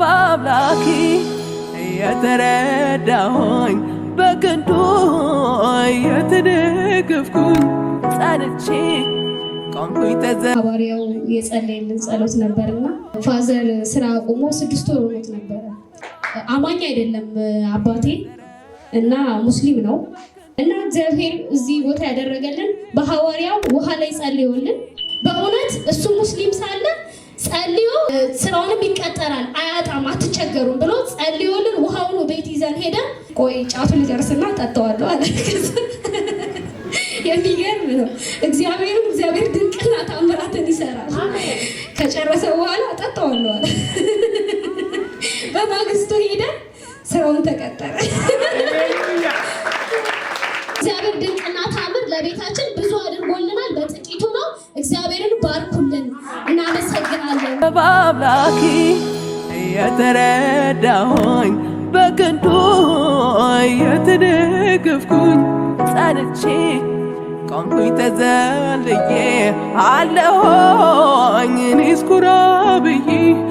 በአምላኪ የተረዳሁኝ በክንዱ የተደገፍኩኝ ጸንቼ የጸለይልን ጸሎት ነበርና ፋዘር ስራ አቁሞ ስድስት ወር ሆኖት ነበረ። አማኝ አይደለም አባቴ እና ሙስሊም ነው እና እግዚአብሔር እዚህ ቦታ ያደረገልን በሐዋርያው ውሃ ላይ ጸልዮልን በእውነት እሱ ሙስሊም ሳለ ጸልዮ ስራውንም ይቀጠራል፣ አያጣም፣ አትቸገሩም ብሎ ጸልዮልን ውሃውን ቤት ይዘን ሄደ። ቆይ ጫቱ ሊደርስና ጠጥተዋለሁ አለ። የሚገርም ነው። እግዚአብሔርም እግዚአብሔር ድንቅና ታምራትን ይሰራል። ከጨረሰ በኋላ ጠጥተዋለሁ አለ። በማግስቱ ሄደ፣ ስራውን ተቀጠረ። እግዚአብሔር ድንቅና ታምር ለቤታችን ብዙ አድርጎልናል። በአምላኪ እየተረዳሁኝ በክንዱ እየተደገፍኩኝ ጸንቼ ቆምኩኝ ተዘልዬ አለሆኝ እኔ ስኩራ ብዬ